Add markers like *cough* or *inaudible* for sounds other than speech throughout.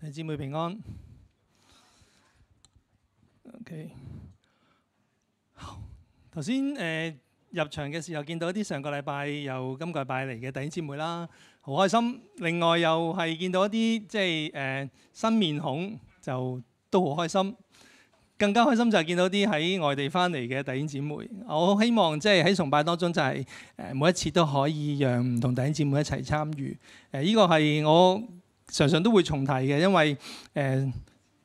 弟兄姐妹平安。OK，好。頭先誒入場嘅時候見到一啲上個禮拜又今個禮拜嚟嘅弟兄姐妹啦，好開心。另外又係見到一啲即係誒、呃、新面孔，就都好開心。更加開心就係見到啲喺外地翻嚟嘅弟兄姐妹。我好希望即係喺崇拜當中、就是，就係誒每一次都可以讓唔同弟兄姐妹一齊參與。誒、呃，呢個係我。常常都會重提嘅，因為誒、呃、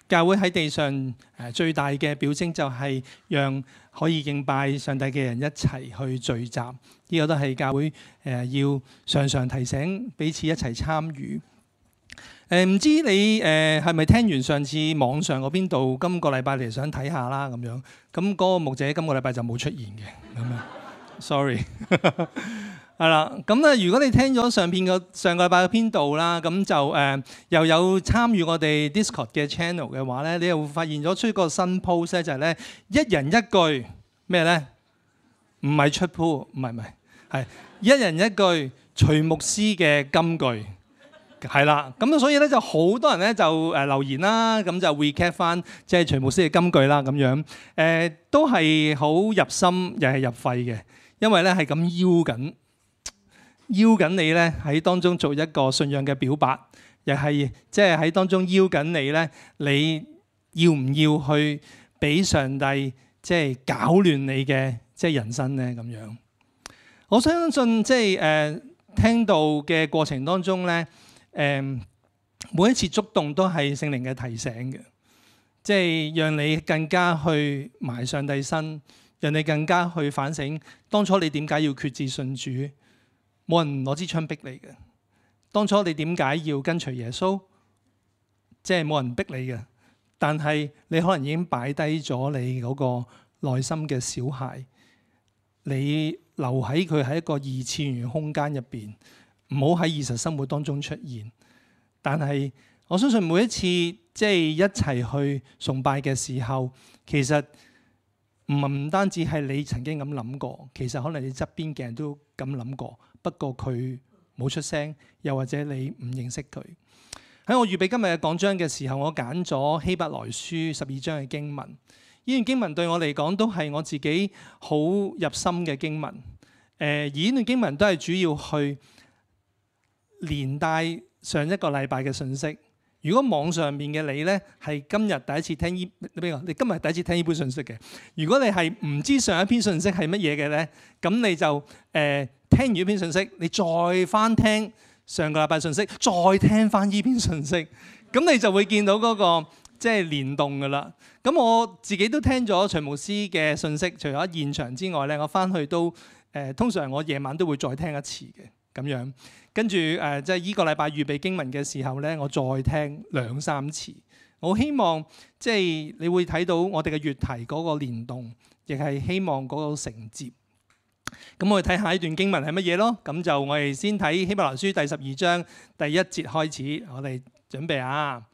教會喺地上誒、呃、最大嘅表徵就係讓可以敬拜上帝嘅人一齊去聚集，呢、這個都係教會誒、呃、要常常提醒彼此一齊參與。誒、呃、唔知你誒係咪聽完上次網上嗰邊度，今個禮拜嚟想睇下啦咁樣？咁、那、嗰個牧者今個禮拜就冇出現嘅，咁樣。Sorry。 *laughs* 係啦，咁咧如果你聽咗上邊個上個禮拜嘅編導啦，咁就誒又有參與我哋 Discord 嘅 channel 嘅話咧，你又會發現咗出個新 pose，就係咧一人一句咩咧？唔係出 po 唔係唔係係一人一句徐牧師嘅金句係啦，咁啊所以咧就好多人咧就誒留言啦，咁就 recap 翻即係徐牧師嘅金句啦咁樣誒都係好入心又係入肺嘅，因為咧係咁腰緊。邀緊你咧喺當中做一個信仰嘅表白，又係即係喺當中邀緊你咧。你要唔要去俾上帝即係搞亂你嘅即係人生咧？咁樣我相信即係誒、呃、聽到嘅過程當中咧，誒、呃、每一次觸動都係聖靈嘅提醒嘅，即係讓你更加去埋上帝身，讓你更加去反省當初你點解要決志信主。冇人攞支槍逼你嘅。當初你點解要跟隨耶穌？即係冇人逼你嘅，但係你可能已經擺低咗你嗰個內心嘅小孩，你留喺佢喺一個二次元空間入邊，唔好喺現實生活當中出現。但係我相信每一次即係一齊去崇拜嘅時候，其實唔唔單止係你曾經咁諗過，其實可能你側邊嘅人都咁諗過。不過佢冇出聲，又或者你唔認識佢。喺我預備今日嘅講章嘅時候，我揀咗希伯來書十二章嘅經文。呢段經文對我嚟講都係我自己好入心嘅經文。誒、呃，而呢段經文都係主要去連帶上一個禮拜嘅信息。如果網上面嘅你呢，係今日第一次聽呢邊個，你今日第一次聽呢本信息嘅。如果你係唔知上一篇信息係乜嘢嘅呢，咁你就誒。呃聽完呢篇信息，你再翻聽上個禮拜信息，再聽翻依篇信息，咁你就會見到嗰、那個即係連動噶啦。咁我自己都聽咗徐牧師嘅信息，除咗現場之外咧，我翻去都誒、呃，通常我夜晚都會再聽一次嘅咁樣。跟住誒，即係依個禮拜預備經文嘅時候咧，我再聽兩三次。我希望即係你會睇到我哋嘅月題嗰個連動，亦係希望嗰個承接。咁我哋睇下一段經文係乜嘢咯？咁就我哋先睇希伯來書第十二章第一節開始，我哋準備下。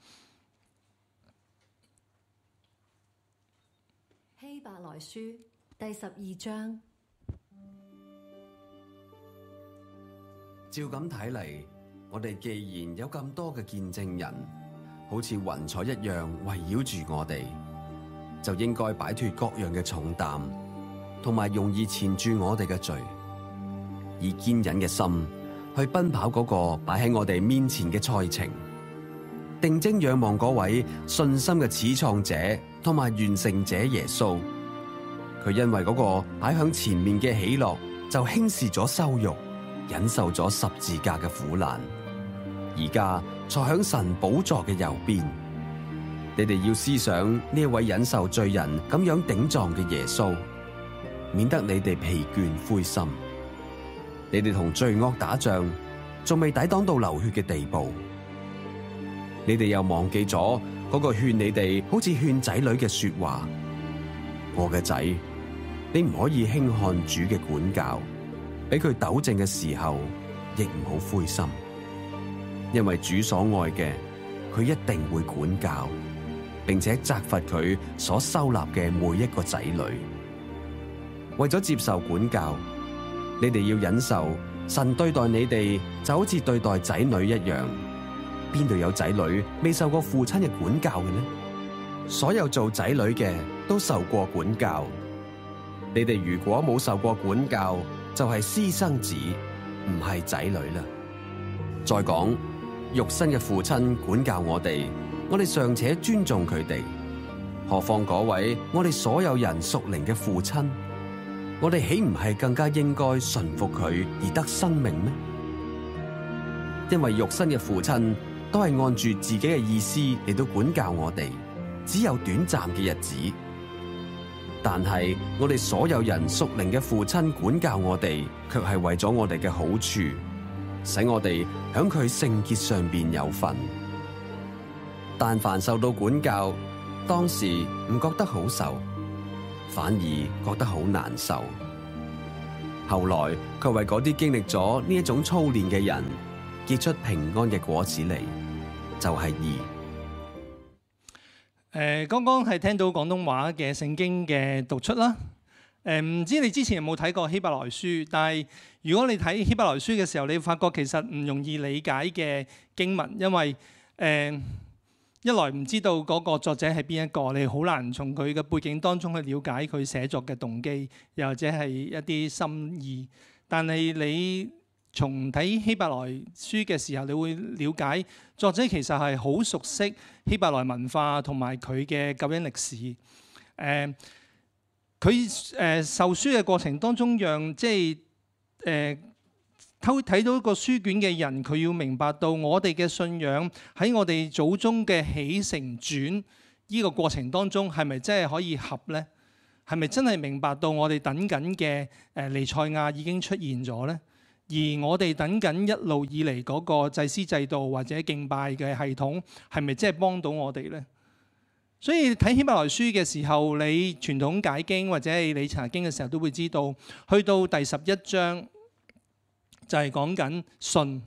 希伯來書第十二章，照咁睇嚟，我哋既然有咁多嘅見證人，好似雲彩一樣圍繞住我哋，就應該擺脱各樣嘅重擔。同埋容易纏住我哋嘅罪，以堅忍嘅心去奔跑嗰個擺喺我哋面前嘅賽程，定睛仰望嗰位信心嘅始創者同埋完成者耶穌。佢因為嗰個擺響前面嘅喜樂，就輕視咗羞辱，忍受咗十字架嘅苦難。而家坐響神寶座嘅右邊，你哋要思想呢位忍受罪人咁樣頂撞嘅耶穌。免得你哋疲倦灰心，你哋同罪惡打仗，仲未抵擋到流血嘅地步，你哋又忘記咗嗰個勸你哋好似勸仔女嘅說話。我嘅仔，你唔可以輕看主嘅管教，俾佢糾正嘅時候，亦唔好灰心，因為主所愛嘅，佢一定會管教，並且責罰佢所收納嘅每一個仔女。為咗接受管教，你哋要忍受神對待你哋就好似對待仔女一樣。邊度有仔女未受過父親嘅管教嘅呢？所有做仔女嘅都受過管教。你哋如果冇受過管教，就係私生子，唔係仔女啦。再講，肉身嘅父親管教我哋，我哋尚且尊重佢哋，何況嗰位我哋所有人屬靈嘅父親？我哋豈唔係更加應該順服佢而得生命咩？因為肉身嘅父親都係按住自己嘅意思嚟到管教我哋，只有短暫嘅日子。但係我哋所有人屬靈嘅父親管教我哋，卻係為咗我哋嘅好處，使我哋響佢聖潔上邊有份。但凡受到管教，當時唔覺得好受。反而覺得好難受，後來佢為嗰啲經歷咗呢一種操練嘅人結出平安嘅果子嚟，就係、是、義。誒、呃，剛剛係聽到廣東話嘅聖經嘅讀出啦。誒、呃，唔知你之前有冇睇過希伯來書？但係如果你睇希伯來書嘅時候，你會發覺其實唔容易理解嘅經文，因為誒。呃一來唔知道嗰個作者係邊一個，你好難從佢嘅背景當中去了解佢寫作嘅動機，又或者係一啲心意。但係你從睇希伯來書嘅時候，你會了解作者其實係好熟悉希伯來文化同埋佢嘅救恩歷史。誒、呃，佢誒授書嘅過程當中讓，讓即係誒。呃偷睇到一個書卷嘅人，佢要明白到我哋嘅信仰喺我哋祖宗嘅起承轉呢個過程當中，係咪真係可以合呢？係咪真係明白到我哋等緊嘅彌賽亞已經出現咗呢？而我哋等緊一路以嚟嗰個祭司制度或者敬拜嘅系統，係咪真係幫到我哋呢？所以睇希伯來書嘅時候，你傳統解經或者你查經嘅時候都會知道，去到第十一章。就係講緊信，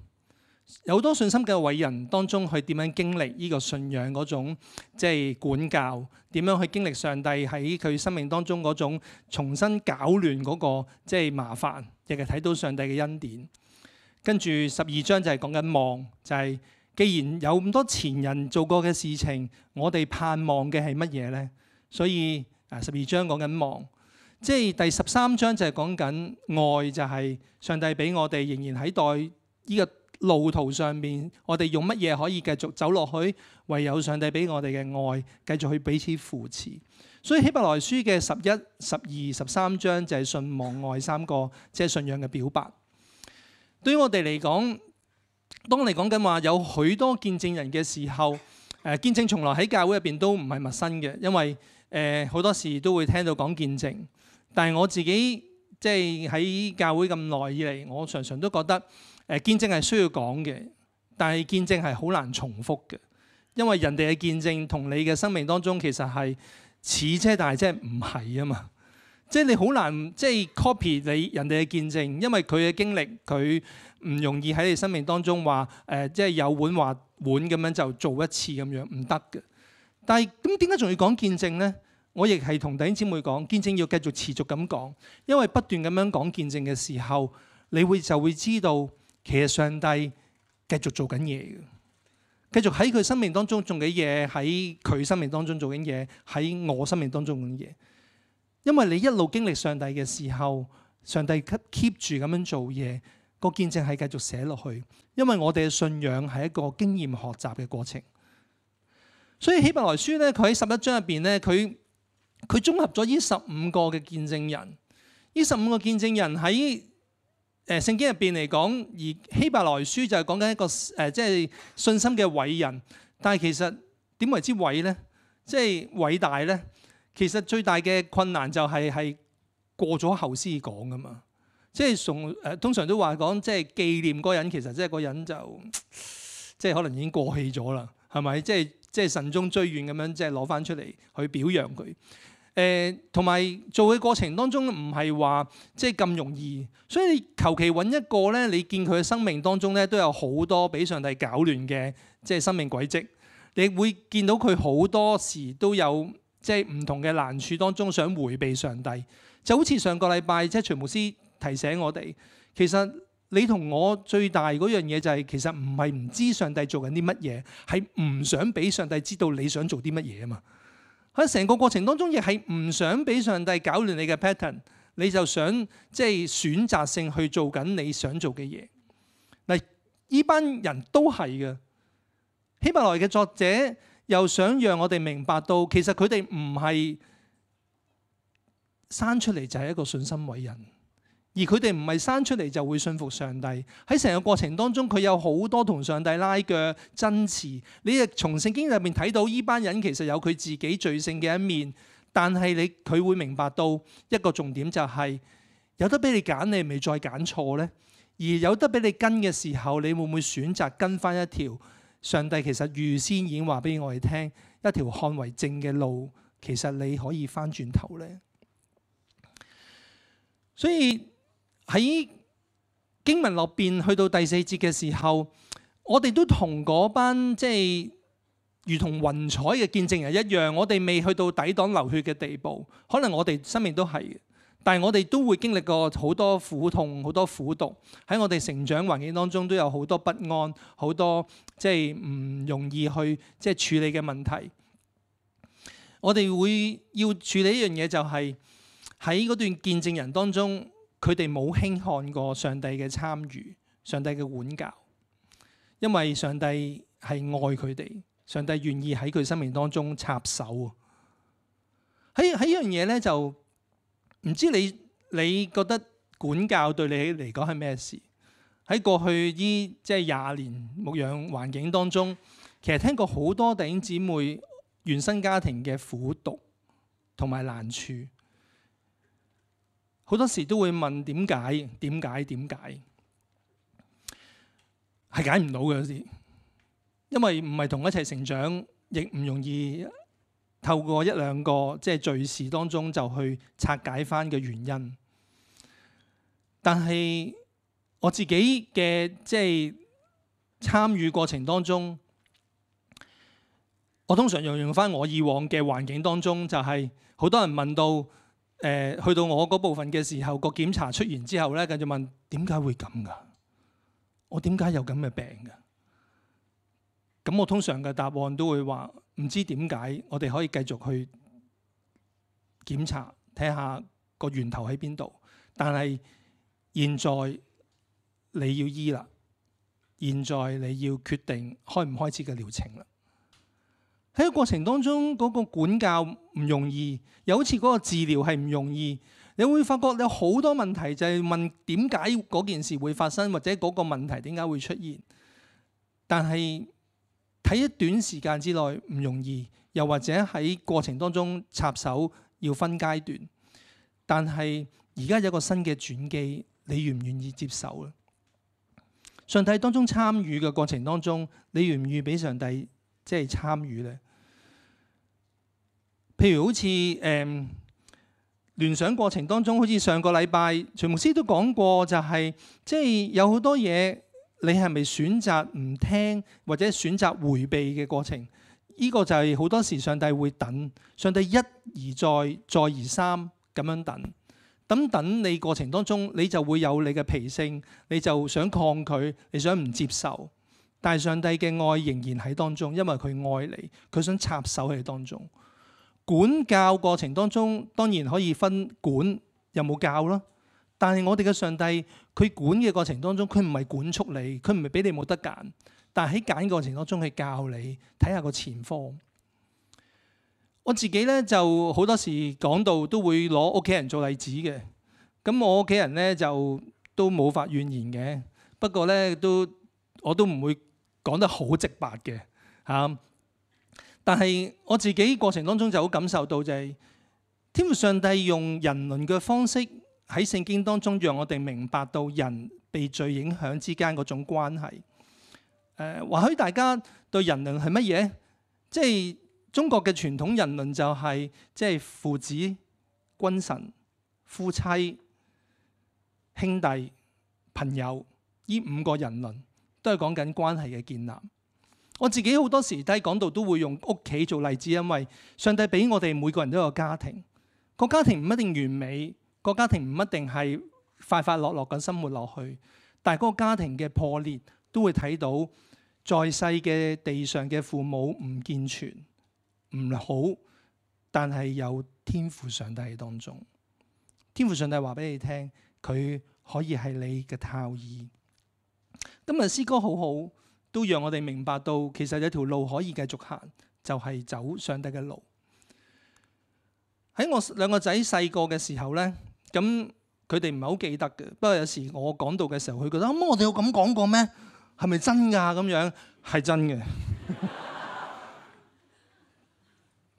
有好多信心嘅偉人當中，佢點樣經歷呢個信仰嗰種即係管教，點樣去經歷上帝喺佢生命當中嗰種重新搞亂嗰個即係麻煩，日日睇到上帝嘅恩典。跟住十二章就係講緊望，就係既然有咁多前人做過嘅事情，我哋盼望嘅係乜嘢呢？所以啊，十二章講緊望。即係第十三章就係講緊愛，就係上帝俾我哋仍然喺待呢個路途上面。我哋用乜嘢可以繼續走落去？唯有上帝俾我哋嘅愛，繼續去彼此扶持。所以希伯來書嘅十一、十二、十三章就係信望愛三個即係信仰嘅表白。對於我哋嚟講，當我哋講緊話有許多見證人嘅時候，誒、呃、見證從來喺教會入邊都唔係陌生嘅，因為誒好、呃、多時都會聽到講見證。但係我自己即係喺教會咁耐以嚟，我常常都覺得誒、呃、見證係需要講嘅，但係見證係好難重複嘅，因為人哋嘅見證同你嘅生命當中其實係似啫，但係真係唔係啊嘛，即係你好難即係 copy 你人哋嘅見證，因為佢嘅經歷佢唔容易喺你生命當中話誒、呃、即係有碗話碗咁樣就做一次咁樣，唔得嘅。但係咁點解仲要講見證咧？我亦係同弟兄姐妹講見證，要繼續持續咁講，因為不斷咁樣講見證嘅時候，你會就會知道，其實上帝繼續做緊嘢嘅，繼續喺佢生命當中做緊嘢，喺佢生命當中做緊嘢，喺我生命當中做緊嘢。因為你一路經歷上帝嘅時候，上帝 keep 住咁樣做嘢，個見證係繼續寫落去。因為我哋嘅信仰係一個經驗學習嘅過程，所以希白來書咧，佢喺十一章入邊咧，佢。佢綜合咗呢十五個嘅見證人，呢十五個見證人喺誒聖經入邊嚟講，而希伯來書就係講緊一個誒，即、呃、係、就是、信心嘅偉人。但係其實點為之偉咧？即係偉大咧？其實最大嘅困難就係、是、係過咗後先講噶嘛。即係從誒通常都話講，即係紀念個人，其實即係嗰人就即係、就是、可能已經過氣咗啦，係咪？即係即係慎終追遠咁樣，即係攞翻出嚟去表揚佢。誒，同埋、呃、做嘅過程當中唔係話即係咁容易，所以你求其揾一個呢。你見佢嘅生命當中呢都有好多俾上帝搞亂嘅即係生命軌跡，你會見到佢好多時都有即係唔同嘅難處當中想迴避上帝，就好似上個禮拜即係徐牧師提醒我哋，其實你同我最大嗰樣嘢就係、是、其實唔係唔知上帝做緊啲乜嘢，係唔想俾上帝知道你想做啲乜嘢啊嘛。喺成個過程當中，亦係唔想俾上帝搞亂你嘅 pattern，你就想即係、就是、選擇性去做緊你想做嘅嘢。嗱，呢班人都係嘅。希伯來嘅作者又想讓我哋明白到，其實佢哋唔係生出嚟就係一個信心偉人。而佢哋唔係生出嚟就會信服上帝。喺成個過程當中，佢有好多同上帝拉鋸爭持。你亦從聖經入面睇到呢班人其實有佢自己罪性嘅一面。但係你佢會明白到一個重點就係、是，有得俾你揀，你係咪再揀錯呢？而有得俾你跟嘅時候，你會唔會選擇跟翻一條上帝其實預先已經話俾我哋聽一條看為正嘅路？其實你可以翻轉頭呢！」所以。喺經文落邊去到第四節嘅時候，我哋都同嗰班即係、就是、如同雲彩嘅見證人一樣，我哋未去到抵擋流血嘅地步。可能我哋生命都係，但係我哋都會經歷過好多苦痛、好多苦毒。喺我哋成長環境當中，都有好多不安、好多即係唔容易去即係處理嘅問題。我哋會要處理一樣嘢、就是，就係喺嗰段見證人當中。佢哋冇輕看過上帝嘅參與、上帝嘅管教，因為上帝係愛佢哋，上帝願意喺佢生命當中插手喎。喺喺呢樣嘢呢，就唔知你你覺得管教對你嚟講係咩事？喺過去呢，即係廿年牧養環境當中，其實聽過好多弟兄姊妹原生家庭嘅苦毒同埋難處。好多時都會問點解？點解？點解？係解唔到嘅有時，因為唔係同一齊成長，亦唔容易透過一兩個即係敘事當中就去拆解翻嘅原因。但係我自己嘅即係參與過程當中，我通常用用翻我以往嘅環境當中，就係、是、好多人問到。誒去到我嗰部分嘅時候，個檢查出完之後呢，繼續問點解會咁㗎？我點解有咁嘅病㗎？咁我通常嘅答案都會話唔知點解，我哋可以繼續去檢查睇下個源頭喺邊度。但係現在你要醫啦，現在你要決定開唔開始嘅療程啦。喺個過程當中，嗰個管教唔容易，又好似嗰個治療係唔容易。你會發覺你有好多問題，就係問點解嗰件事會發生，或者嗰個問題點解會出現。但係睇一段時間之內唔容易，又或者喺過程當中插手要分階段。但係而家有個新嘅轉機，你願唔願意接受咧？上帝當中參與嘅過程當中，你願唔願意俾上帝即係參與咧？譬如好似誒、嗯、聯想過程當中，好似上個禮拜徐牧師都講過、就係，就係即係有好多嘢，你係咪選擇唔聽或者選擇迴避嘅過程？呢、這個就係好多時上帝會等，上帝一而再，再而三咁樣等。等等你過程當中，你就會有你嘅脾性，你就想抗拒，你想唔接受。但係上帝嘅愛仍然喺當中，因為佢愛你，佢想插手喺當中。管教過程當中，當然可以分管有冇教咯。但係我哋嘅上帝，佢管嘅過程當中，佢唔係管束你，佢唔係俾你冇得揀。但係喺揀嘅過程當中去教你，睇下個前方。我自己咧就好多時講到都會攞屋企人做例子嘅。咁我屋企人咧就都冇法怨言嘅。不過咧都我都唔會講得好直白嘅嚇。啊但係我自己過程當中就好感受到、就是，就係天父上帝用人倫嘅方式喺聖經當中，讓我哋明白到人被罪影響之間嗰種關係。呃、或許大家對人倫係乜嘢？即、就、係、是、中國嘅傳統人倫就係即係父子、君臣、夫妻、兄弟、朋友呢五個人倫，都係講緊關係嘅建立。我自己好多時喺講道都會用屋企做例子，因為上帝俾我哋每個人都有家庭，個家庭唔一定完美，個家庭唔一定係快快樂樂咁生活落去，但係嗰個家庭嘅破裂都會睇到在世嘅地上嘅父母唔健全、唔好，但係有天父上帝喺當中，天父上帝話俾你聽，佢可以係你嘅靠依。今日詩歌，好好。都讓我哋明白到，其實有條路可以繼續行，就係、是、走上帝嘅路。喺我兩個仔細個嘅時候咧，咁佢哋唔係好記得嘅。不過有時我講到嘅時候，佢覺得，咁、嗯、我哋有咁講過咩？係咪真㗎？咁樣係真嘅。呢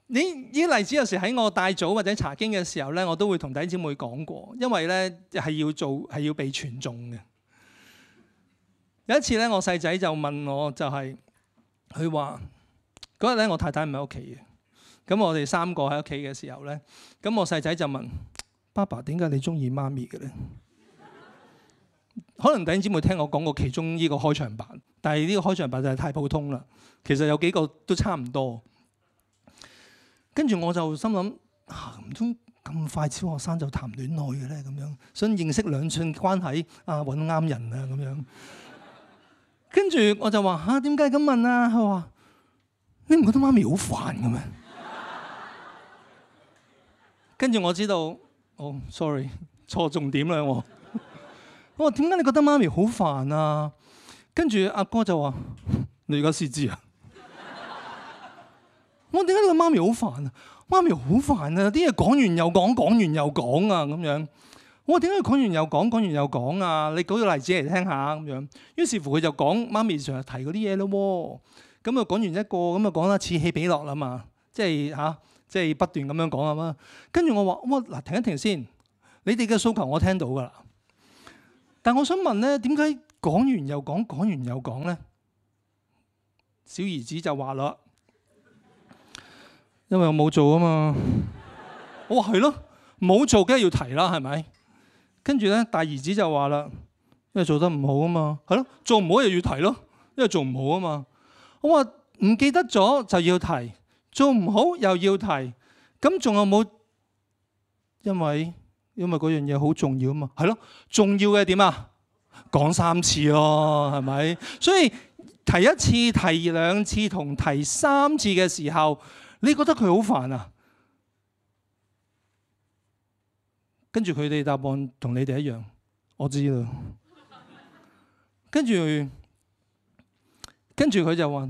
呢啲例子有時喺我帶組或者查經嘅時候咧，我都會同弟兄姊妹講過，因為咧係要做，係要被傳種嘅。有一次咧，我細仔就問我、就是，就係佢話嗰日咧，我太太唔喺屋企嘅，咁我哋三個喺屋企嘅時候咧，咁我細仔就問爸爸：點解你中意媽咪嘅咧？ *laughs* 可能弟兄姊妹聽我講過其中呢個開場白，但係呢個開場白就係太普通啦。其實有幾個都差唔多，跟住我就心諗唔通咁快，小學生就談戀愛嘅咧，咁樣想認識兩寸關係啊，搵啱人啊，咁樣。跟住我就話嚇，點解咁問啊？佢話：你唔覺得媽咪好煩嘅咩？ *laughs* 跟住我知道，哦，oh，sorry，錯重點啦我。 *laughs* 我話，點解你覺得媽咪好煩啊？跟住阿哥就話： *laughs* 你而家先知 *laughs* 啊？我點解你個媽咪好煩啊？媽咪好煩啊！啲嘢講完又講，講完又講啊，咁樣。我點解講完又講，講完又講啊？你舉個例子嚟聽下咁樣。於是乎佢就講媽咪成日提嗰啲嘢咯喎。咁啊講完一個，咁啊講啦此起彼落啦嘛。即係嚇、啊，即係不斷咁樣講啊嘛。跟住我話：我嗱停一停先，你哋嘅訴求我聽到噶啦。但我想問咧，點解講完又講，講完又講咧？小兒子就話咯，因為我冇做啊嘛。 *laughs* 我話係咯，冇做梗係要提啦，係咪？跟住咧，大兒子就話啦，因為做得唔好啊嘛，係咯，做唔好又要提咯，因為做唔好啊嘛。我話唔記得咗就要提，做唔好又要提，咁仲有冇？因為因為嗰樣嘢好重要啊嘛，係咯，重要嘅點啊，講三次咯，係咪？所以提一次、提兩次同提三次嘅時候，你覺得佢好煩啊？跟住佢哋答案同你哋一樣，我知道。跟住跟住佢就話：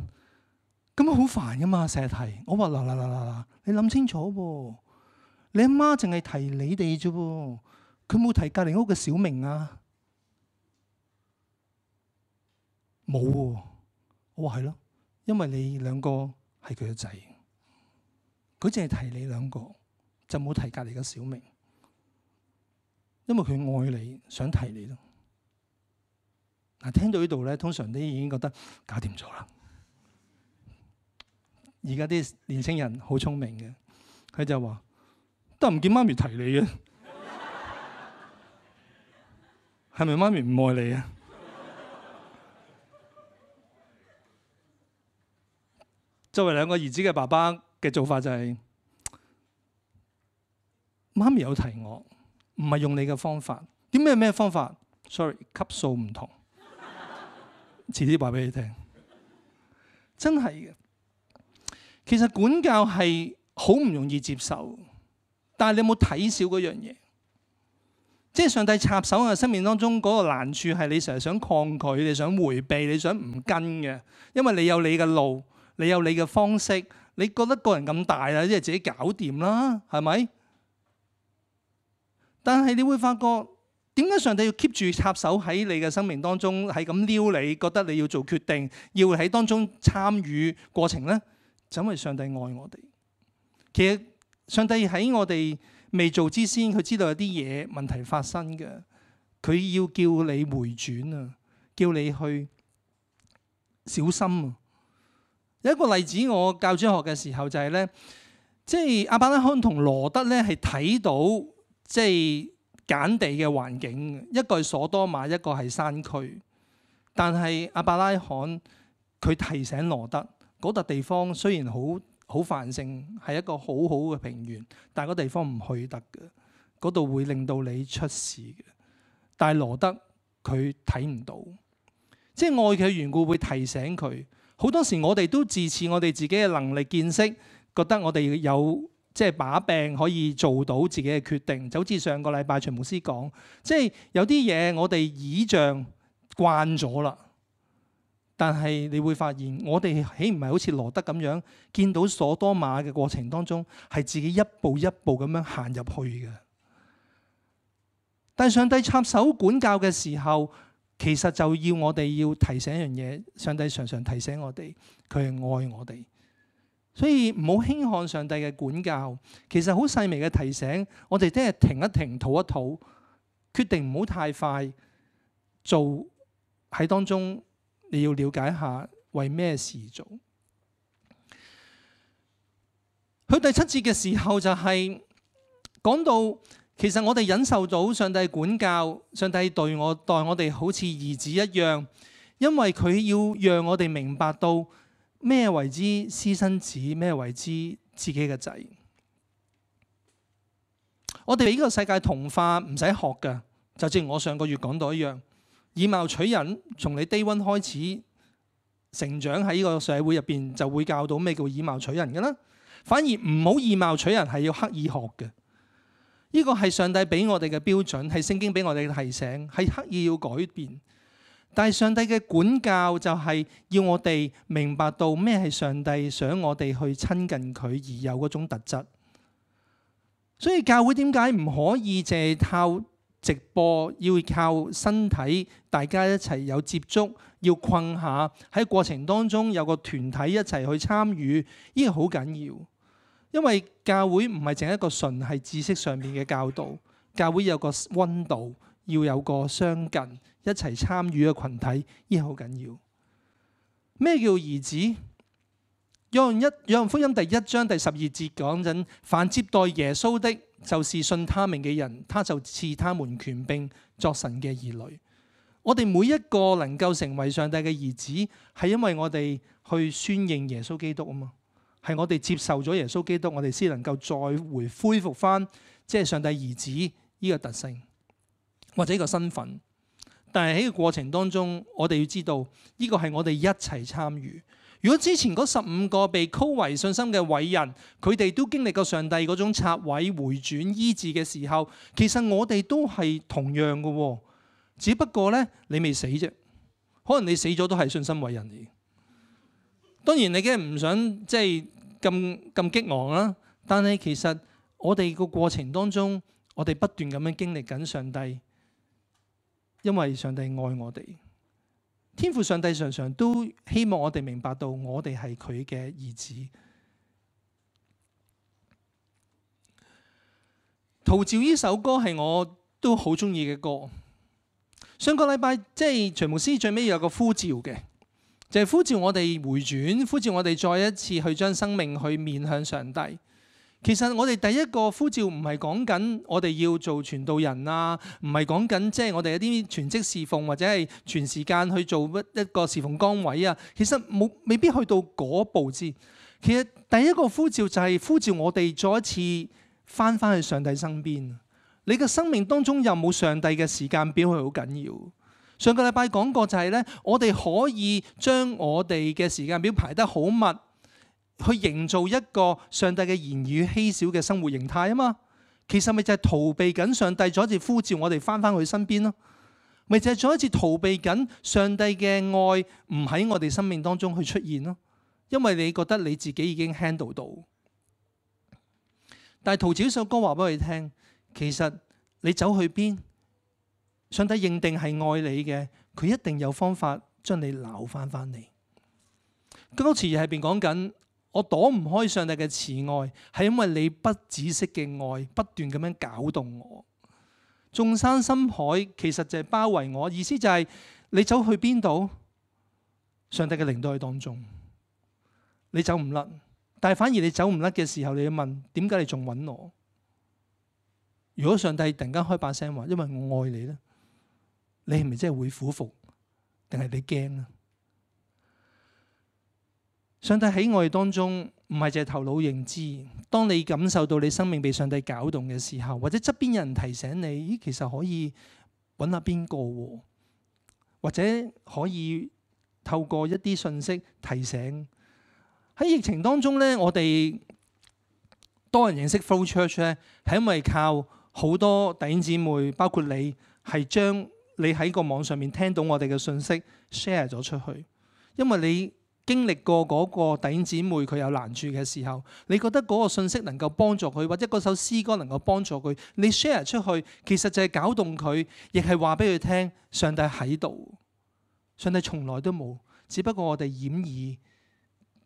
咁好煩噶嘛，成日提我話嗱嗱嗱，嗱嗱！你諗清楚噃？你阿媽淨係提你哋啫，佢冇提隔離屋嘅小明啊！冇、喎，我話係咯，因為你兩個係佢嘅仔，佢淨係提你兩個，就冇提隔離嘅小明。因為佢愛你，想提你咯。嗱，聽到呢度咧，通常都已經覺得搞掂咗啦。而家啲年青人好聰明嘅，佢就話：都唔 *laughs* 見媽咪提你啊，係 *laughs* 咪媽咪唔愛你啊？ *laughs* 作為兩個兒子嘅爸爸嘅做法就係，媽咪有提我。唔係用你嘅方法，點解有咩方法？sorry，級數唔同。遲啲話俾你聽，真係嘅。其實管教係好唔容易接受，但係你有冇睇少嗰樣嘢？即係上帝插手我生命當中嗰個難處，係你成日想抗拒，你想迴避，你想唔跟嘅，因為你有你嘅路，你有你嘅方式，你覺得個人咁大啦，即係自己搞掂啦，係咪？但係你會發覺，點解上帝要 keep 住插手喺你嘅生命當中，係咁撩你？覺得你要做決定，要喺當中參與過程呢？就因為上帝愛我哋。其實上帝喺我哋未做之先，佢知道有啲嘢問題發生嘅，佢要叫你回轉啊，叫你去小心。啊。有一個例子，我教主學嘅時候就係、是、呢，即、就、係、是、亞伯拉罕同羅德呢係睇到。即係揀地嘅環境，一個係所多瑪，一個係山區。但係阿伯拉罕佢提醒羅德，嗰笪地方雖然好好繁盛，係一個好好嘅平原，但係個地方唔去得嘅，嗰度會令到你出事嘅。但係羅德佢睇唔到，即係愛嘅緣故會提醒佢。好多時我哋都自恃我哋自己嘅能力見識，覺得我哋有。即係把柄可以做到自己嘅決定。就好似上個禮拜長毛師講，即係有啲嘢我哋倚仗慣咗啦。但係你會發現，我哋豈唔係好似羅得咁樣，見到所多瑪嘅過程當中，係自己一步一步咁樣行入去嘅。但上帝插手管教嘅時候，其實就要我哋要提醒一樣嘢。上帝常常提醒我哋，佢係愛我哋。所以唔好輕看上帝嘅管教，其實好細微嘅提醒，我哋真係停一停、唞一唞，決定唔好太快做。喺當中你要了解下為咩事做。佢第七節嘅時候就係講到，其實我哋忍受到上帝管教，上帝對我待我哋好似兒子一樣，因為佢要讓我哋明白到。咩為之私生子？咩為之自己嘅仔？我哋俾呢個世界同化，唔使學㗎。就正如我上個月講到一樣，以貌取人。從你 day one 開始成長喺呢個社會入邊，就會教到咩叫以貌取人㗎啦。反而唔好以貌取人，係要刻意學㗎。呢個係上帝俾我哋嘅標準，係聖經俾我哋嘅提醒，係刻意要改變。但係上帝嘅管教就係要我哋明白到咩係上帝想我哋去親近佢而有嗰種特質。所以教會點解唔可以淨係靠直播，要靠身體，大家一齊有接觸，要困下喺過程當中有個團體一齊去參與，呢個好緊要。因為教會唔係淨係一個純係知識上面嘅教導，教會有個温度。要有個相近一齊參與嘅群體，呢個好緊要。咩叫兒子？約翰一約翰福音第一章第十二節講緊：凡接待耶穌的，就是信他名嘅人，他就賜他們權柄作神嘅兒女。我哋每一個能夠成為上帝嘅兒子，係因為我哋去宣認耶穌基督啊嘛。係我哋接受咗耶穌基督，我哋先能夠再回恢復返，即係上帝兒子呢個特性。或者個身份，但係喺個過程當中，我哋要知道呢個係我哋一齊參與。如果之前嗰十五個被稱為信心嘅偉人，佢哋都經歷過上帝嗰種拆毀、回轉、醫治嘅時候，其實我哋都係同樣嘅喎。只不過呢，你未死啫，可能你死咗都係信心偉人嚟。當然你梗係唔想即係咁咁激昂啦，但係其實我哋個過程當中，我哋不斷咁樣經歷緊上帝。因為上帝愛我哋，天父上帝常常都希望我哋明白到我哋係佢嘅兒子。陶照呢首歌係我都好中意嘅歌。上個禮拜即係徐牧師最尾有個呼召嘅，就係、是、呼召我哋回轉，呼召我哋再一次去將生命去面向上帝。其實我哋第一個呼召唔係講緊我哋要做傳道人啊，唔係講緊即係我哋一啲全職侍奉或者係全時間去做一一個侍奉崗位啊。其實冇未必去到嗰步先。其實第一個呼召就係呼召我哋再一次返返去上帝身邊。你嘅生命當中有冇上帝嘅時間表係好緊要。上個禮拜講過就係呢：我哋可以將我哋嘅時間表排得好密。去營造一個上帝嘅言語稀少嘅生活形態啊嘛，其實咪就係逃避緊上帝再一次呼召我哋翻翻佢身邊咯，咪就係再一次逃避緊上帝嘅愛唔喺我哋生命當中去出現咯，因為你覺得你自己已經 handle 到，但係陶子首歌話俾你聽，其實你走去邊，上帝認定係愛你嘅，佢一定有方法將你攞翻翻嚟。嗰個詞係邊講緊？我躲唔開上帝嘅慈愛，係因為你不止息嘅愛不斷咁樣搞動我。眾山深海其實就係包圍我，意思就係你走去邊度，上帝嘅靈都喺當中，你走唔甩。但係反而你走唔甩嘅時候，你要問點解你仲揾我？如果上帝突然間開把聲話，因為我愛你咧，你係咪真係會俯伏，定係你驚咧？上帝喺我哋當中，唔係淨係頭腦認知。當你感受到你生命被上帝搞動嘅時候，或者側邊有人提醒你，咦，其實可以揾下邊個喎，或者可以透過一啲信息提醒。喺疫情當中咧，我哋多人認識 flow church 咧，係因為靠好多弟兄姊妹，包括你，係將你喺個網上面聽到我哋嘅信息 share 咗出去，因為你。經歷過嗰個弟兄姊妹佢有難處嘅時候，你覺得嗰個信息能夠幫助佢，或者嗰首詩歌能夠幫助佢，你 share 出去，其實就係搞動佢，亦係話俾佢聽，上帝喺度，上帝從來都冇，只不過我哋掩耳，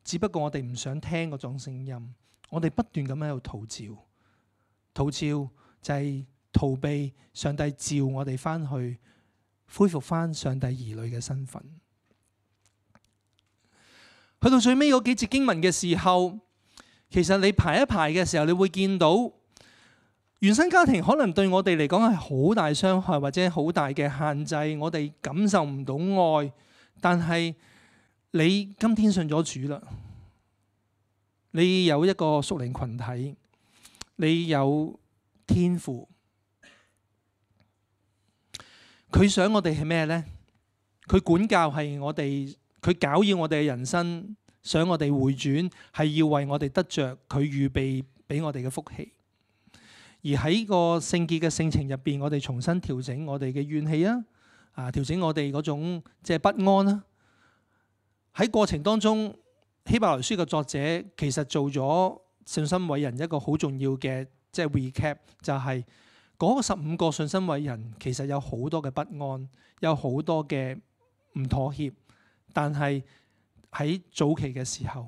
只不過我哋唔想聽嗰種聲音，我哋不斷咁喺度逃召，逃召就係逃避上帝召我哋翻去恢復翻上帝兒女嘅身份。去到最尾嗰幾節經文嘅時候，其實你排一排嘅時候，你會見到原生家庭可能對我哋嚟講係好大傷害或者好大嘅限制，我哋感受唔到愛。但係你今天信咗主啦，你有一個屬靈群體，你有天父，佢想我哋係咩呢？佢管教係我哋。佢搞擾我哋嘅人生，想我哋回轉，係要為我哋得着佢預備俾我哋嘅福氣。而喺個聖潔嘅性情入邊，我哋重新調整我哋嘅怨氣啊，啊，調整我哋嗰種即係不安啦。喺過程當中，《希伯來書》嘅作者其實做咗信心偉人一個好重要嘅即係 recap，就係嗰十五個信心偉人其實有好多嘅不安，有好多嘅唔妥協。但係喺早期嘅時候，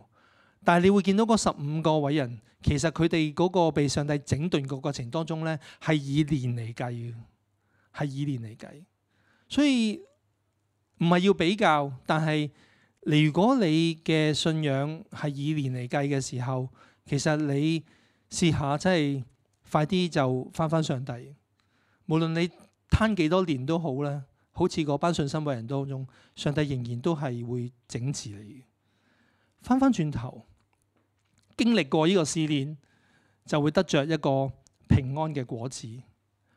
但係你會見到嗰十五個偉人，其實佢哋嗰個被上帝整頓個過程當中呢，係以年嚟計嘅，係以年嚟計。所以唔係要比較，但係如果你嘅信仰係以年嚟計嘅時候，其實你試下真係快啲就翻返上帝，無論你攤幾多年都好啦。好似嗰班信心嘅人當中，上帝仍然都係會整治你嘅。翻翻轉頭，經歷過呢個試煉，就會得着一個平安嘅果子。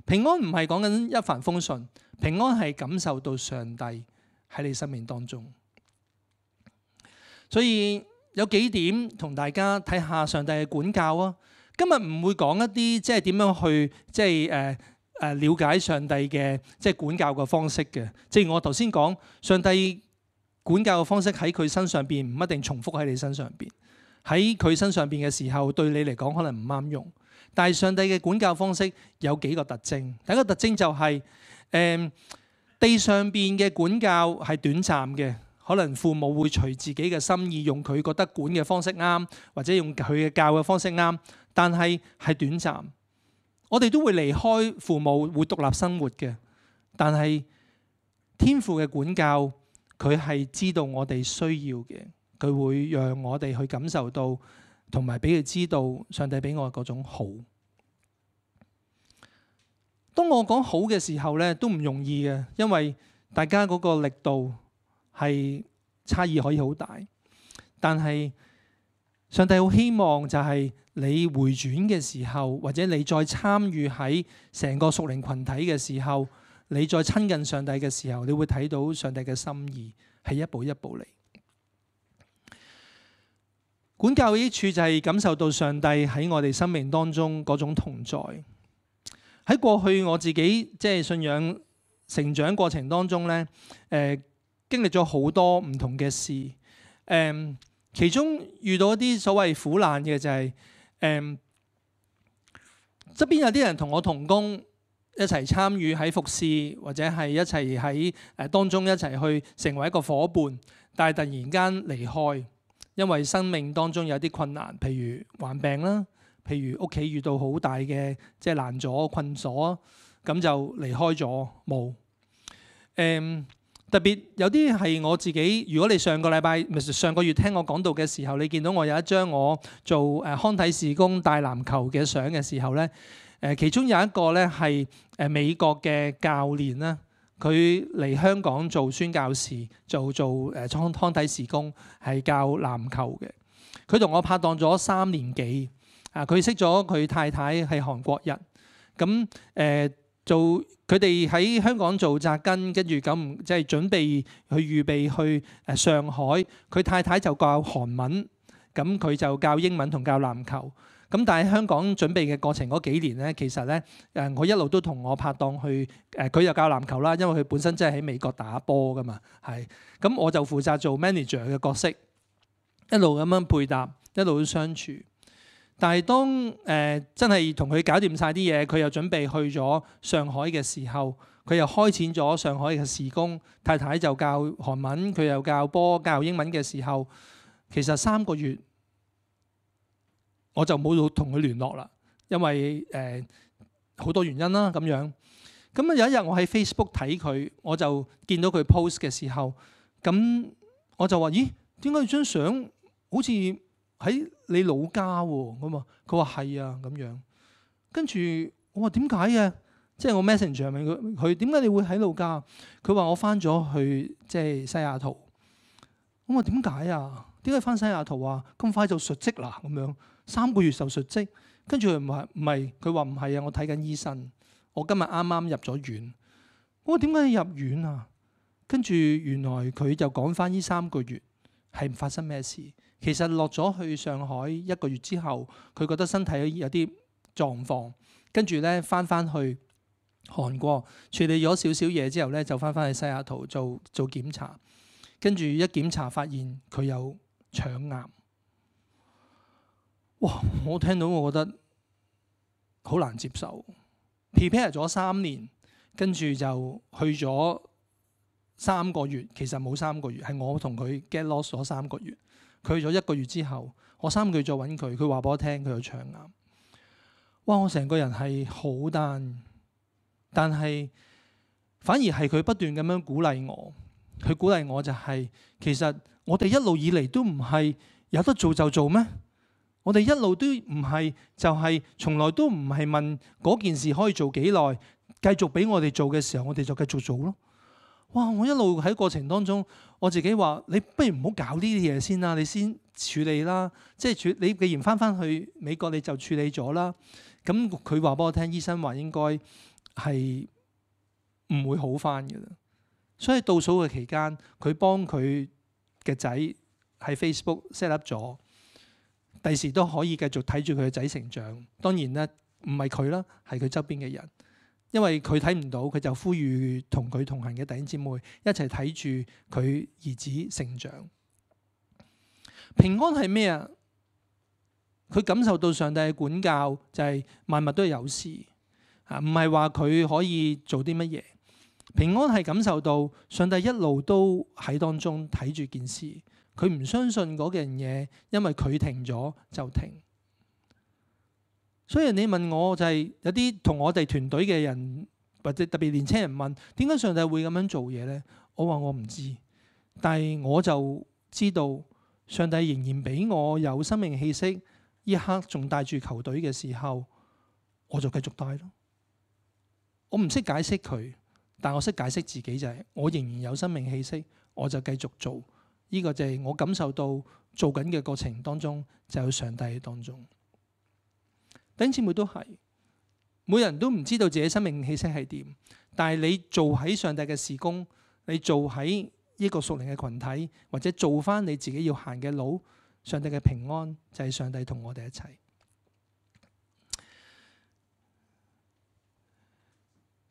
平安唔係講緊一帆風順，平安係感受到上帝喺你生命當中。所以有幾點同大家睇下上帝嘅管教啊。今日唔會講一啲即係點樣去即係誒。呃誒了解上帝嘅即係管教嘅方式嘅，正如我頭先講，上帝管教嘅方式喺佢身上邊唔一定重複喺你身上邊，喺佢身上邊嘅時候對你嚟講可能唔啱用，但係上帝嘅管教方式有幾個特徵，第一個特徵就係、是、誒地上邊嘅管教係短暫嘅，可能父母會隨自己嘅心意用佢覺得管嘅方式啱，或者用佢嘅教嘅方式啱，但係係短暫。我哋都會離開父母，會獨立生活嘅。但係天父嘅管教，佢係知道我哋需要嘅，佢會讓我哋去感受到，同埋俾佢知道上帝俾我嗰種好。當我講好嘅時候呢，都唔容易嘅，因為大家嗰個力度係差異可以好大。但係，上帝好希望就係你回轉嘅時候，或者你再參與喺成個屬靈群體嘅時候，你再親近上帝嘅時候，你會睇到上帝嘅心意係一步一步嚟。管教呢處就係感受到上帝喺我哋生命當中嗰種同在。喺過去我自己即係信仰成長過程當中咧，誒、呃、經歷咗好多唔同嘅事，誒、呃。其中遇到一啲所謂苦難嘅，就係誒，側邊有啲人同我同工一齊參與喺服侍，或者係一齊喺誒當中一齊去成為一個伙伴，但係突然間離開，因為生命當中有啲困難，譬如患病啦，譬如屋企遇到好大嘅即係難阻、困所，咁就離開咗冇誒。特別有啲係我自己。如果你上個禮拜唔係上個月聽我講道嘅時候，你見到我有一張我做誒康體事工帶籃球嘅相嘅時候咧，誒其中有一個咧係誒美國嘅教練啦，佢嚟香港做宣教士，做做誒康康體事工係教籃球嘅。佢同我拍檔咗三年幾啊，佢識咗佢太太係韓國人，咁誒。呃做佢哋喺香港做紮根，跟住咁即係準備去預備去誒上海。佢太太就教韓文，咁佢就教英文同教籃球。咁但係香港準備嘅過程嗰幾年咧，其實咧誒我一路都同我拍檔去誒，佢又教籃球啦，因為佢本身即係喺美國打波噶嘛，係咁我就負責做 manager 嘅角色，一路咁樣配搭，一路相處但係當誒、呃、真係同佢搞掂晒啲嘢，佢又準備去咗上海嘅時候，佢又開展咗上海嘅事工，太太就教韓文，佢又教波教英文嘅時候，其實三個月我就冇同佢聯絡啦，因為誒好、呃、多原因啦咁樣。咁有一日我喺 Facebook 睇佢，我就見到佢 post 嘅時候，咁我就話：咦，點解張相好似喺你老家喎，咁啊，佢話係啊，咁樣。跟住我話點解啊？即係我 message 上面佢，佢點解你會喺老家？佢話我翻咗去即係西雅圖。咁啊，點解啊？點解翻西雅圖啊？咁快就述職啦咁樣，三個月就述職。跟住佢話唔係，佢話唔係啊，我睇緊醫生，我今日啱啱入咗院。我點解入院啊？跟住原來佢就講翻呢三個月係發生咩事。其實落咗去上海一個月之後，佢覺得身體有啲狀況，跟住咧返返去韓國處理咗少少嘢之後咧，就返返去西雅圖做做檢查，跟住一檢查發現佢有腸癌。哇！我聽到我覺得好難接受，prepare 咗三年，跟住就去咗三個月，其實冇三個月，係我同佢 get lost 咗三個月。佢去咗一個月之後，我三個月再揾佢，佢話俾我聽，佢有腸癌。哇！我成個人係好單，但但係反而係佢不斷咁樣鼓勵我。佢鼓勵我就係、是、其實我哋一路以嚟都唔係有得做就做咩？我哋一路都唔係就係、是、從來都唔係問嗰件事可以做幾耐，繼續俾我哋做嘅時候，我哋就繼續做咯。哇！我一路喺過程當中，我自己話：你不如唔好搞呢啲嘢先啦，你先處理啦。即係處你既然翻翻去美國，你就處理咗啦。咁佢話俾我聽，醫生話應該係唔會好翻嘅。所以倒數嘅期間，佢幫佢嘅仔喺 Facebook set up 咗，第時都可以繼續睇住佢嘅仔成長。當然啦，唔係佢啦，係佢周邊嘅人。因為佢睇唔到，佢就呼籲同佢同行嘅弟兄姊妹一齊睇住佢兒子成長。平安係咩啊？佢感受到上帝嘅管教就係萬物都係有事啊，唔係話佢可以做啲乜嘢。平安係感受到上帝一路都喺當中睇住件事，佢唔相信嗰樣嘢，因為佢停咗就停。所以你問我，就係有啲同我哋團隊嘅人或者特別年青人問，點解上帝會咁樣做嘢呢？我話我唔知，但係我就知道上帝仍然俾我有生命氣息，一刻仲帶住球隊嘅時候，我就繼續帶咯。我唔識解釋佢，但我識解釋自己，就係我仍然有生命氣息，我就繼續做。呢個就係我感受到做緊嘅過程當中就有上帝當中。等姊妹都係，每人都唔知道自己生命氣息係點，但係你做喺上帝嘅事工，你做喺一個屬靈嘅群體，或者做翻你自己要行嘅路，上帝嘅平安就係上帝同我哋一齊。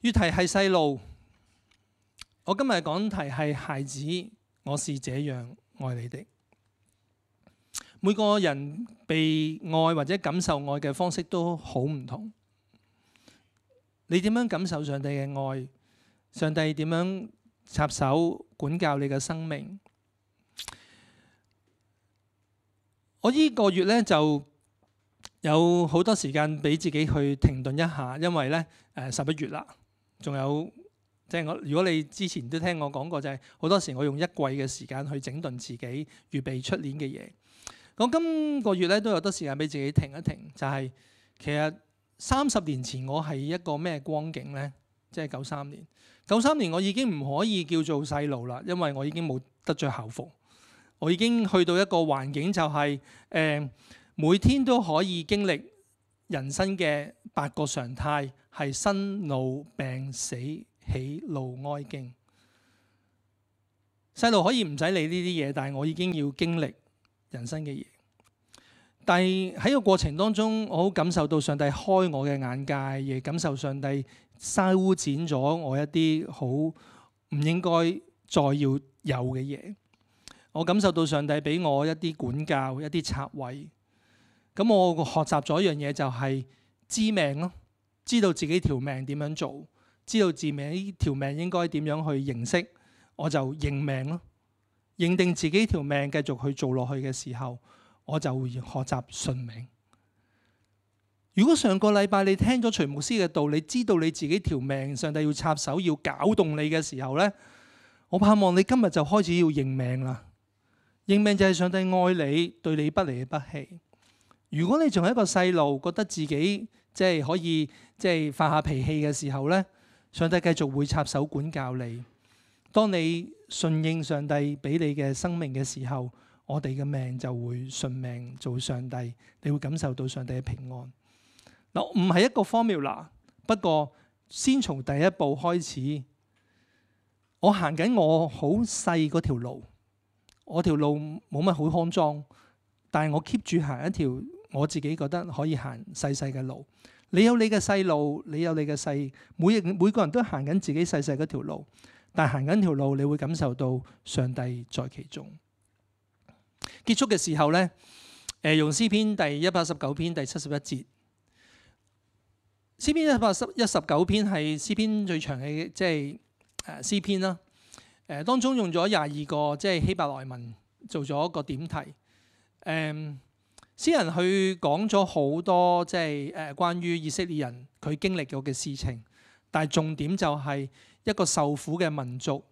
月題係細路，我今日講題係孩子，我是這樣愛你的。每個人被愛或者感受愛嘅方式都好唔同。你點樣感受上帝嘅愛？上帝點樣插手管教你嘅生命？我呢個月咧就有好多時間俾自己去停頓一下，因為咧誒十一月啦，仲有即係我。如果你之前都聽我講過，就係好多時我用一季嘅時間去整頓自己，預備出年嘅嘢。我今個月咧都有得時間俾自己停一停，就係、是、其實三十年前我係一個咩光景呢？即係九三年，九三年我已經唔可以叫做細路啦，因為我已經冇得着校服，我已經去到一個環境、就是，就係誒每天都可以經歷人生嘅八個常態，係生老病死起老、喜怒哀敬。細路可以唔使理呢啲嘢，但係我已經要經歷。人生嘅嘢，但係喺個過程當中，我好感受到上帝開我嘅眼界，亦感受上帝修剪咗我一啲好唔應該再要有嘅嘢。我感受到上帝俾我一啲管教，一啲拆位。咁我學習咗一樣嘢就係知命咯、啊，知道自己條命點樣做，知道自己條命應該點樣去認識，我就認命咯、啊。認定自己條命繼續去做落去嘅時候，我就會學習順命。如果上個禮拜你聽咗徐牧師嘅道，你知道你自己條命上帝要插手要搞動你嘅時候呢，我盼望你今日就開始要認命啦。認命就係上帝愛你，對你不離不棄。如果你仲係一個細路，覺得自己即係可以即係發下脾氣嘅時候呢，上帝繼續會插手管教你。當你順應上帝俾你嘅生命嘅時候，我哋嘅命就會順命做上帝，你會感受到上帝嘅平安嗱。唔係一個 formula，不過先從第一步開始。我行緊我好細嗰條路，我條路冇乜好康莊，但係我 keep 住行一條我自己覺得可以行細細嘅路。你有你嘅細路，你有你嘅細，每每個人都行緊自己細細嗰條路。但行緊條路，你會感受到上帝在其中。結束嘅時候咧，誒用詩篇第一百一十九篇第七十一節。詩篇一百一十九篇係詩篇最長嘅，即係誒詩篇啦。誒當中用咗廿二個即係希伯來文做咗一個點題。誒詩人佢講咗好多即係誒關於以色列人佢經歷咗嘅事情，但係重點就係、是。一個受苦嘅民族，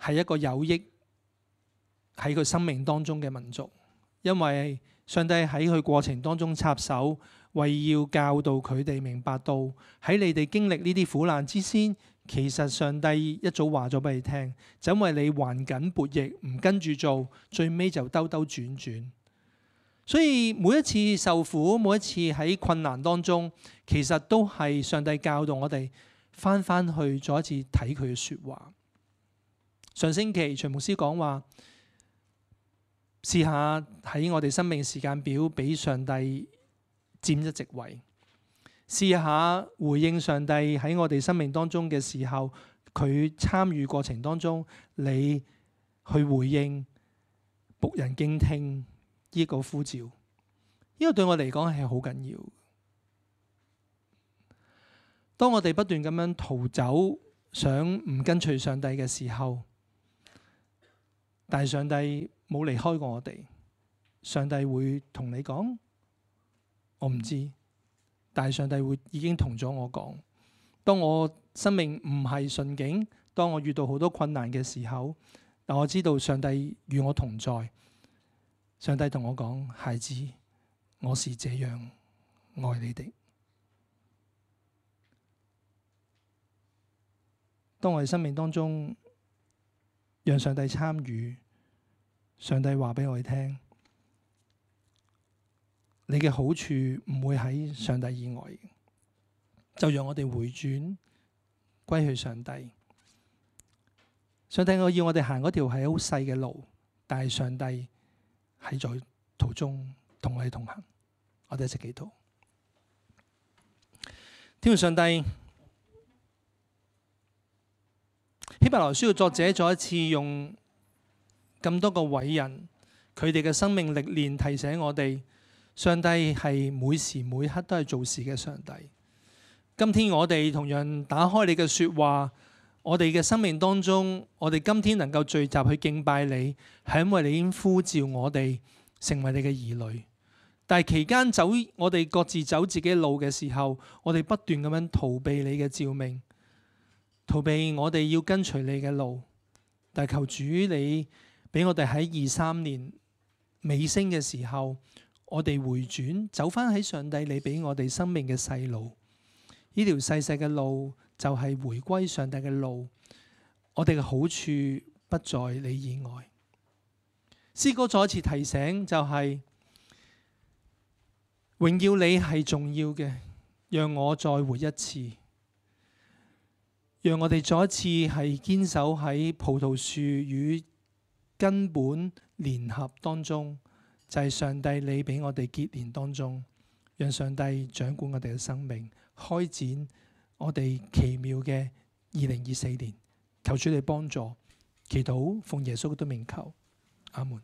係一個有益喺佢生命當中嘅民族，因為上帝喺佢過程當中插手，為要教導佢哋明白到，喺你哋經歷呢啲苦難之先。其實上帝一早話咗俾你聽，就因為你還緊悖逆，唔跟住做，最尾就兜兜轉轉。所以每一次受苦，每一次喺困難當中，其實都係上帝教導我哋。翻翻去再一次睇佢嘅説話。上星期徐牧師講話，試下喺我哋生命時間表俾上帝佔一席位，試下回應上帝喺我哋生命當中嘅時候，佢參與過程當中，你去回應，僕人敬聽呢個呼召，呢個對我嚟講係好緊要。當我哋不斷咁樣逃走，想唔跟隨上帝嘅時候，但係上帝冇離開過我哋。上帝會同你講，我唔知，但係上帝會已經同咗我講，當我生命唔係順境，當我遇到好多困難嘅時候，但我知道上帝與我同在。上帝同我講：孩子，我是這樣愛你的。當我哋生命當中，讓上帝參與，上帝話畀我哋聽，你嘅好處唔會喺上帝以外，就讓我哋回轉歸去上帝。上帝，我要我哋行嗰條係好細嘅路，但係上帝喺在，在途中同我哋同行。我哋一齊祈禱，天父上帝。《希伯來書》嘅作者再一次用咁多個偉人佢哋嘅生命歷練，提醒我哋：上帝係每時每刻都係做事嘅上帝。今天我哋同樣打開你嘅說話，我哋嘅生命當中，我哋今天能夠聚集去敬拜你，係因為你已經呼召我哋成為你嘅兒女。但係期間走，我哋各自走自己路嘅時候，我哋不斷咁樣逃避你嘅召命。逃避我哋要跟隨你嘅路，但求主你俾我哋喺二三年尾聲嘅時候，我哋回轉，走返喺上帝你俾我哋生命嘅細路，呢條細細嘅路就係回歸上帝嘅路。我哋嘅好處不在你以外。詩歌再一次提醒就係，榮耀你係重要嘅，讓我再活一次。讓我哋再一次係堅守喺葡萄樹與根本聯合當中，就係、是、上帝你俾我哋結連當中，讓上帝掌管我哋嘅生命，開展我哋奇妙嘅二零二四年。求主你幫助，祈禱，奉耶穌基督名求，阿門。